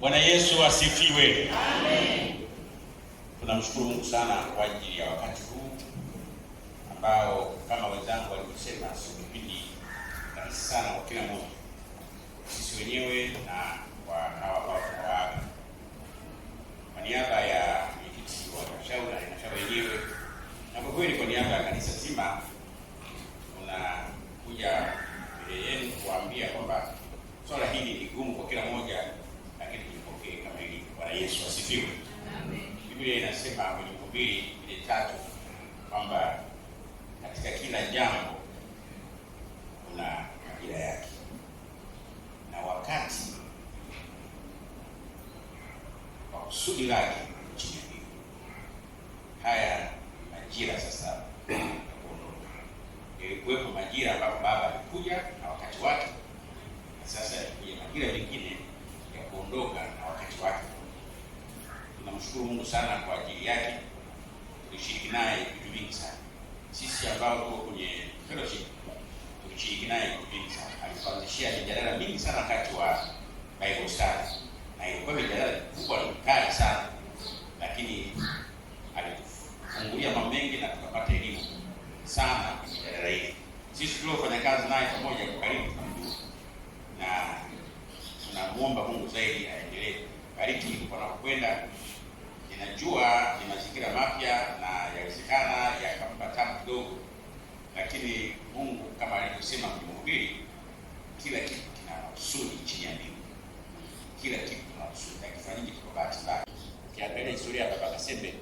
Bwana Yesu asifiwe. Amen. Tunamshukuru Mungu sana kwa ajili ya wakati huu ambao kama wenzangu walivyosema, sio kipindi rahisi sana kwa kila mmoja, sisi wenyewe na kwa hawa wawaaga. Kwa niaba ya mwenyekiti wa halmashauri na halmashauri wenyewe na kwa kweli kwa niaba ya kanisa zima, tunakuja mbele yenu kuambia kwamba swala hili ni gumu kwa kila mmoja Bwana Yesu asifiwe. Biblia inasema kwenye Mhubiri ile tatu kwamba katika kila jambo kuna majira yake, na wakati wa kusudi lake chini. Haya majira sasa tunamshukuru Mungu sana kwa ajili yake. Tulishiriki naye vitu vingi sana, sisi ambao tuko kwenye fellowship tulishiriki naye vitu vingi sana. Alituanzishia mijadala mingi sana wakati wa Bible study, na ilikuwa mijadala kubwa na kali sana, lakini alitufungulia mambo mengi na tukapata elimu sana kwenye mijadala hii. Sisi tuliofanya kazi naye pamoja kwa karibu na tunamuomba Mungu zaidi aendelee bariki kwa wanapokwenda. Ninajua ni mazingira mapya na yawezekana yakampa tamu kidogo, lakini Mungu kama alivyosema kwenye Mhubiri, kila kitu kina makusudi chini ya mbingu, kila kitu kina makusudi, Akifanyiki kwa bahati mbaya. Ukiangalia historia ya baba Kasembe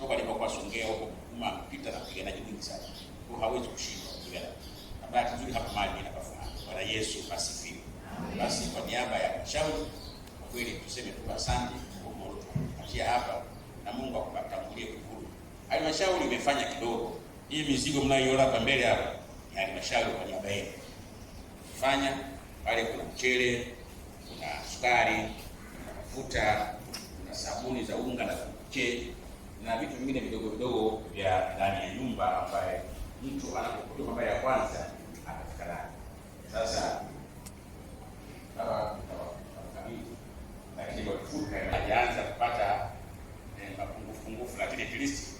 toka alipokuwa Songea huko kuma mpita na mpiganaji mwingi sana, kwa hawezi kushindwa kupigana. na bahati nzuri hapa mali mimi Bwana Yesu asifiwe. Basi kwa niaba ya mshauri, kwa kweli tuseme tu asante kufikia hapa, na Mungu akubatangulie kukuru. Halmashauri imefanya kidogo. Hii mizigo mnayoiona hapa mbele hapa ni halmashauri kwa niaba yenu fanya pale. Kuna mchele, kuna sukari, kuna mafuta, kuna sabuni za unga na kuche na vitu vingine vidogo vidogo vya it is